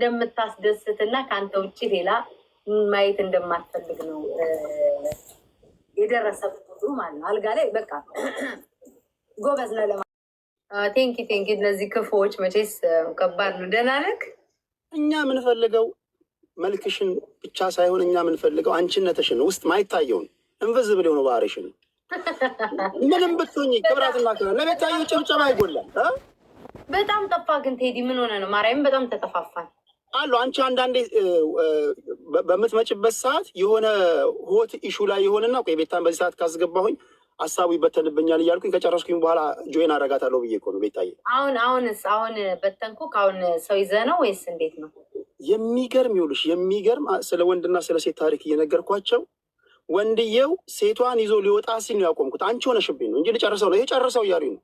እንደምታስደስት እና ከአንተ ውጭ ሌላ ማየት እንደማትፈልግ ነው የደረሰበት ማለት ነው። አልጋ ላይ በቃ ጎበዝ ነው ለማ ቴንኪ ቴንኪ። እነዚህ ክፉዎች መቼስ ከባድ ነው። ደህና ነህ? እኛ የምንፈልገው መልክሽን ብቻ ሳይሆን እኛ የምንፈልገው አንቺነትሽን ውስጥ ማይታየውን እንቨዝብል የሆነ ባህሪሽን ምንም ብትሆኝ ክብራትና ክብር ለቤታየው ጭብጨባ አይጎላል። በጣም ጠፋ ግን ቴዲ ምን ሆነ ነው? ማርያም በጣም ተጠፋፋል። አሉ አንቺ አንዳንዴ በምትመጭበት ሰዓት የሆነ ሆት ኢሹ ላይ የሆንና ቆይ ቤታን በዚህ ሰዓት ካስገባሁኝ ሀሳቡ ይበተንብኛል እያልኩኝ ከጨረስኩኝ በኋላ ጆይን አረጋታለሁ ብዬ እኮ ነው። ቤታዬ አሁን አሁንስ አሁን በተንኩ አሁን ሰው ይዘህ ነው ወይስ እንዴት ነው? የሚገርም ይውልሽ፣ የሚገርም ስለ ወንድና ስለ ሴት ታሪክ እየነገርኳቸው ወንድየው ሴቷን ይዞ ሊወጣ ሲል ነው ያቆምኩት። አንቺ ሆነሽብኝ ነው እንጂ ልጨርሰው ነው ይሄ ጨርሰው እያሉኝ ነው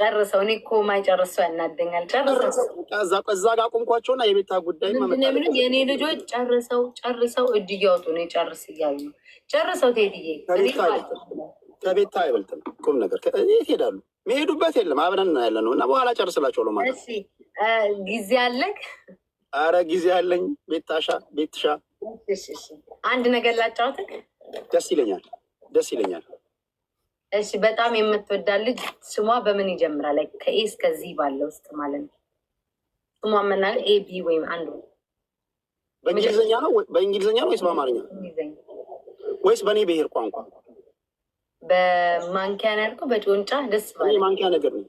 ጨርሰው እኔ እኮ ማይጨርሱ ያናደኛል። ጨርሰውእዛ ጋ ቁምኳቸውና የቤታ ጉዳይ የእኔ ልጆች ጨርሰው ጨርሰው እጅ እያወጡ ነው። ጨርስ እያሉ ነው። ጨርሰው ቴድዬ ከቤታ አይበልጥ ቁም ነገር ይሄዳሉ። መሄዱበት የለም አብረን ነው ያለ ነው እና በኋላ ጨርስላቸው ነው ማለት ጊዜ አለክ። አረ ጊዜ አለኝ። ቤታሻ ቤትሻ አንድ ነገር ላጫወትክ። ደስ ይለኛል፣ ደስ ይለኛል። እሺ በጣም የምትወዳ ልጅ ስሟ በምን ይጀምራል? ላይ ከኤ እስከዚህ ባለ ውስጥ ማለት ነው። ስሟ መናገር ኤ ቢ ወይም አንዱ በእንግሊዝኛ ነው። በእንግሊዝኛ ነው ወይስ በአማርኛ ወይስ በእኔ ብሄር ቋንቋ? በማንኪያ ነው ያልከው፣ በጮንጫ ደስ ባለ ማንኪያ ነገር ነው።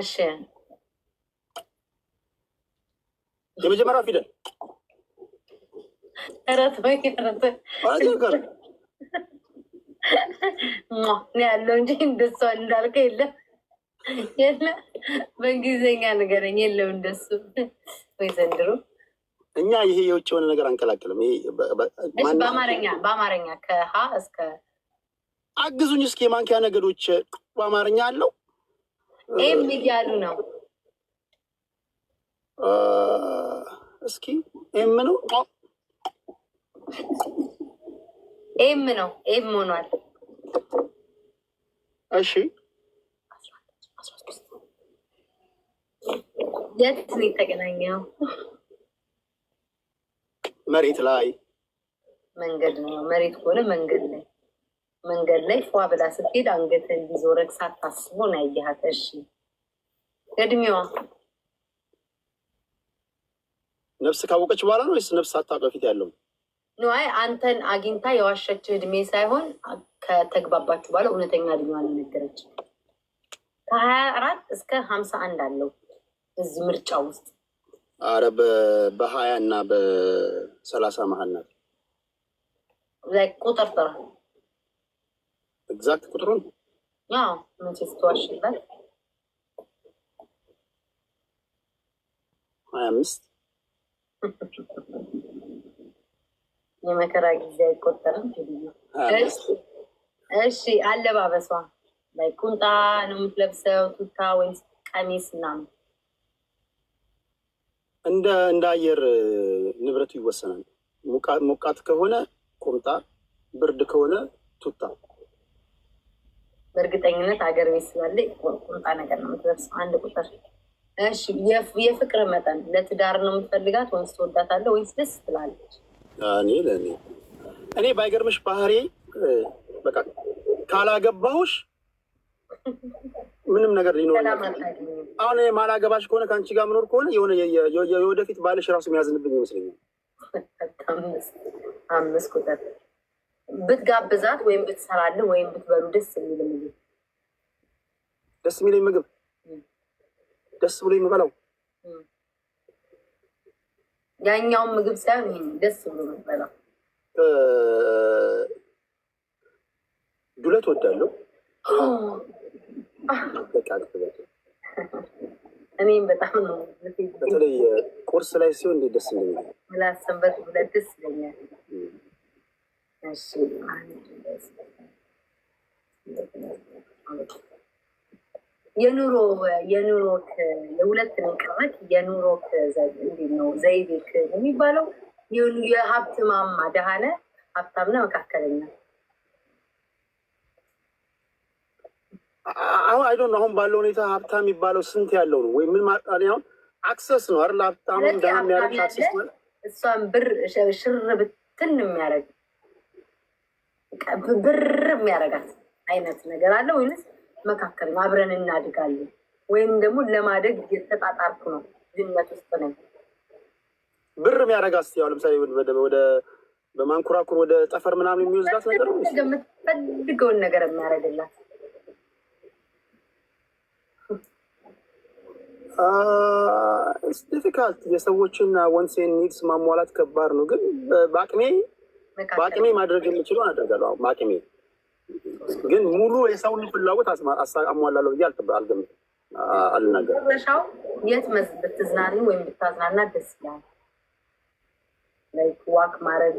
እሺ የመጀመሪያው ፊደል ረት ረት ወይ ያለው እንጂ እንደሷ እንዳልከ የለም የለ በእንግሊዝኛ ንገረኝ። የለም እንደሱ ወይ ዘንድሮ እኛ ይሄ የውጭ የሆነ ነገር አንቀላቅልም። በአማርኛ በአማርኛ ከሀ እስከ አግዙኝ እስኪ የማንኪያ ነገዶች በአማርኛ አለው። ይህም እያሉ ነው። እስኪ ይህም ነው ኤም ነው ኤም ሆኗል። እሺ የት ነው የተገናኘው? መሬት ላይ መንገድ ነው። መሬት ከሆነ መንገድ ላይ መንገድ ላይ ፏ ብላ ስትሄድ አንገትህን እንዲዞረግ ሳታስቦ ነው ያየሃት። እሺ እድሜዋ ነፍስ ካወቀች በኋላ ነው ወይስ ነፍስ ሳታውቅ በፊት ያለው? ንዋይ አንተን አግኝታ የዋሸችው እድሜ ሳይሆን ከተግባባችሁ በኋላ እውነተኛ እድሜዋን ነገረች። ከሀያ አራት እስከ ሀምሳ አንድ አለው እዚህ ምርጫ ውስጥ አረ በሀያ እና በሰላሳ መሀል ናት። ቁጥር ጥር ኤግዛክት ቁጥሩን መቼ ስትዋሽበት ሀያ አምስት የመከራ ጊዜ አይቆጠርም። እሺ፣ አለባበሷ ላይ ቁምጣ ነው የምትለብሰው ቱታ ወይስ ቀሚስ ምናምን? እንደ እንደ አየር ንብረቱ ይወሰናል። ሞቃት ከሆነ ቁምጣ፣ ብርድ ከሆነ ቱታ። በእርግጠኝነት ሀገር ቤት ስላለ ቁምጣ ነገር ነው የምትለብሰው። አንድ ቁጥር እሺ። የፍቅር መጠን ለትዳር ነው የምትፈልጋት ወይስ ትወዳታለህ ወይስ ደስ ትላለች? እኔ ለእኔ እኔ ባይገርምሽ ባህሪ በቃ ካላገባሁሽ ምንም ነገር ሊኖር አሁን ማላገባሽ ከሆነ ከአንቺ ጋር ምኖር ከሆነ የሆነ የወደፊት ባልሽ ራሱ የሚያዝንብኝ ይመስለኛል። አምስት ቁጥር ብትጋብዛት ወይም ብትሰራልህ ወይም ብትበሉ ደስ የሚል ምግብ ደስ የሚለኝ ምግብ ደስ ብሎ የምበላው ያኛውን ምግብ ሳይሆን ይሄን ደስ ብሎ የሚበላ ዱለት ወዳለሁ። እኔም በጣም ነው። በተለይ ቁርስ ላይ ሲሆን እንዴት ደስ እንደሚል ምላሰንበት ዱለት ደስ ይለኛል። እሺ የኑሮ የኑሮት የሁለት ንቅመት የኑሮት እንዴት ነው ዘይቤት የሚባለው? የሀብት ማማ ደሃነ ሀብታምና መካከለኛ አሁን አይዶ አሁን ባለው ሁኔታ ሀብታም የሚባለው ስንት ያለው ነው? ወይ ምን ማጣኔ? አሁን አክሰስ ነው አይደል? ሀብታም ደሃ የሚያደርግ አክሰስ ማለት እሷን ብር ሽር ብትን የሚያደርግ ብር የሚያደርጋት አይነት ነገር አለ ወይስ መካከል ነው። አብረን እናድጋለን ወይም ደግሞ ለማደግ የተጣጣርኩ ነው። ድነት ውስጥ ነኝ። ብር የሚያደርግ አስያው ለምሳሌ ወደ በማንኩራኩር ወደ ጠፈር ምናምን የሚወስዳት ነገር የምትፈልገውን ነገር የሚያደርግላት ዲፊካልት የሰዎችን ወንሴን ኒድስ ማሟላት ከባድ ነው፣ ግን በአቅሜ በአቅሜ ማድረግ የምችለው አደርጋለሁ በአቅሜ ግን ሙሉ የሰውን ፍላጎት አሟላለሁ ብዬ አልገምትም፣ አልነገር መረሻው የት መስ ብትዝናኒ ወይም ብታዝናና ደስ ይላል። ዋክ ማድረግ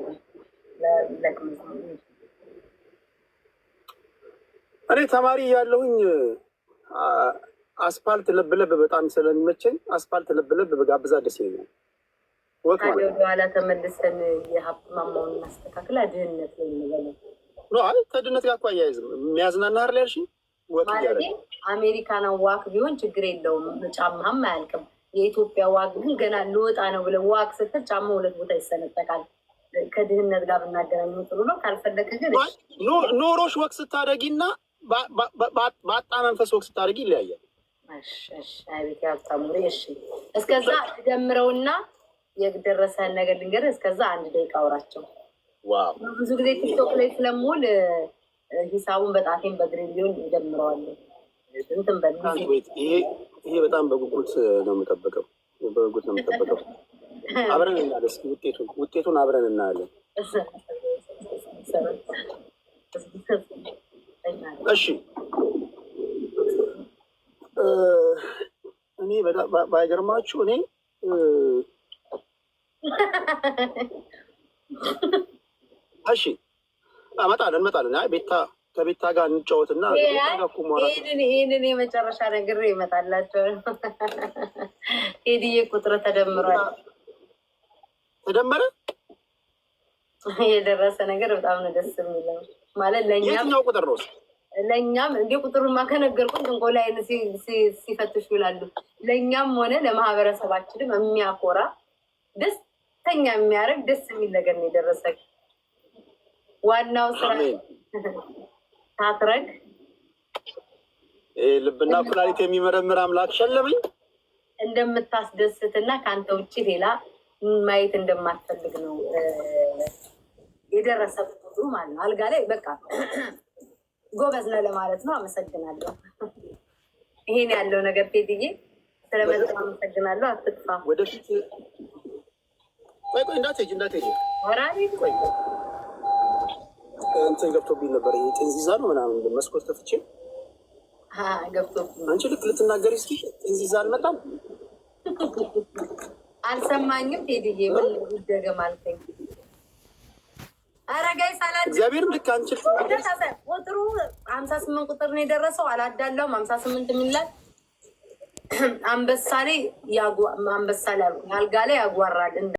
እኔ ተማሪ ያለሁኝ አስፋልት ለብለብ በጣም ስለሚመቸኝ አስፋልት ለብለብ በጋብዛ ደስ ይለኛል። ወደኋላ ተመልሰን የሀብት ማማውን እናስተካክል። ድህነት ላይ እንበለን አይ ከድነት ጋር እኮ አያይዝም። የሚያዝናና ር ያልሽ ማለት አሜሪካን ዋክ ቢሆን ችግር የለውም ጫማም አያልቅም። የኢትዮጵያ ዋክ ግን ገና ልወጣ ነው ብለ ዋክ ስትል ጫማ ሁለት ቦታ ይሰነጠቃል። ከድህነት ጋር ብናገናኝ ጥሩ ነው። ካልፈለክ ግን ኖሮሽ ወቅት ስታደርጊ እና በአጣ መንፈስ ወቅት ስታደርጊ ይለያያል። ቤት ያልታሙ እሺ፣ እስከዛ ጀምረውና የደረሰን ነገር ልንገርህ። እስከዛ አንድ ደቂቃ አውራቸው። ብዙ ጊዜ ቲክቶክ ላይ ስለምውል ሂሳቡን በጣቴን በግሪሊዮን እንጀምረዋለን። ይሄ በጣም በጉጉት ነው የምጠበቀው፣ በጉጉት ነው የምጠበቀው። አብረን እናያለን። እስኪ ውጤቱን ውጤቱን አብረን እናያለን። እሺ እኔ በጣም ባይገርማችሁ እኔ እሺ እመጣለሁ እንመጣለን። አይ ቤታ ከቤታ ጋር እንጫወትና ይህንን የመጨረሻ ነገር ይመጣላቸው። ሄድዬ ቁጥር ተደምሯል። ተደመረ የደረሰ ነገር በጣም ነው ደስ የሚለው። ማለት ለእኛም ቁጥር ነው ለእኛም እንደ ቁጥሩማ ከነገርኩን ጥንቆላ ሲፈትሹ ይላሉ። ለእኛም ሆነ ለማህበረሰባችንም የሚያኮራ ደስተኛ የሚያደርግ ደስ የሚል ነገር ነው የደረሰ ዋናው ስራ ታትረግ ልብና ኩላሊት የሚመረምር አምላክ ሸለመኝ እንደምታስደስትና ከአንተ ውጭ ሌላ ማየት እንደማትፈልግ ነው የደረሰበት ሁሉ ማለት ነው። አልጋ ላይ በቃ ጎበዝ ነው ለማለት ነው። አመሰግናለሁ። ይሄን ያለው ነገር ቴድዬ ስለመጣ አመሰግናለሁ። አትጥፋ ወደፊት ቆይ ቆይ እንዳትሄጂ እንዳትሄጂ ወራሪ ቆይ እንትን ገብቶብኝ ነበር። ይሄ ጥንዚዛ ነው ምናምን መስኮት ከፍቼ ገብቶብኝ። አንቺ ልክ ልትናገሪ እስኪ ጥንዚዛ አልመጣም አልሰማኝም። ቴዲዬ ምን ይደገም አልከኝ። ኧረ ጋይ እግዚአብሔር ልክ አንቺ ቁጥሩ ሀምሳ ስምንት ቁጥር ነው የደረሰው። አላዳለውም ሀምሳ ስምንት የሚላል አንበሳሌ አንበሳሌ አንበሳ አልጋ ላይ ያጓራል።